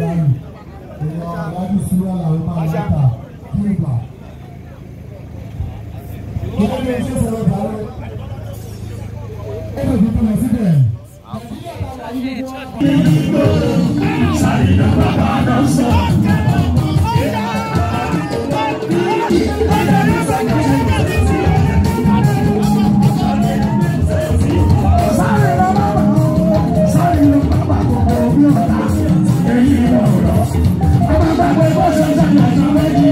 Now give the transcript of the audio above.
dàrú èèyàn aláàbí síwá làwọn máa ń ta kí ìgbà. Ìjọba ní ẹjọ́ sọ̀rọ̀ dàrú. Ó lè dúpọ̀ lọ síbẹ̀. Nàìjíríà bá wà ní ìjọba. Mas não é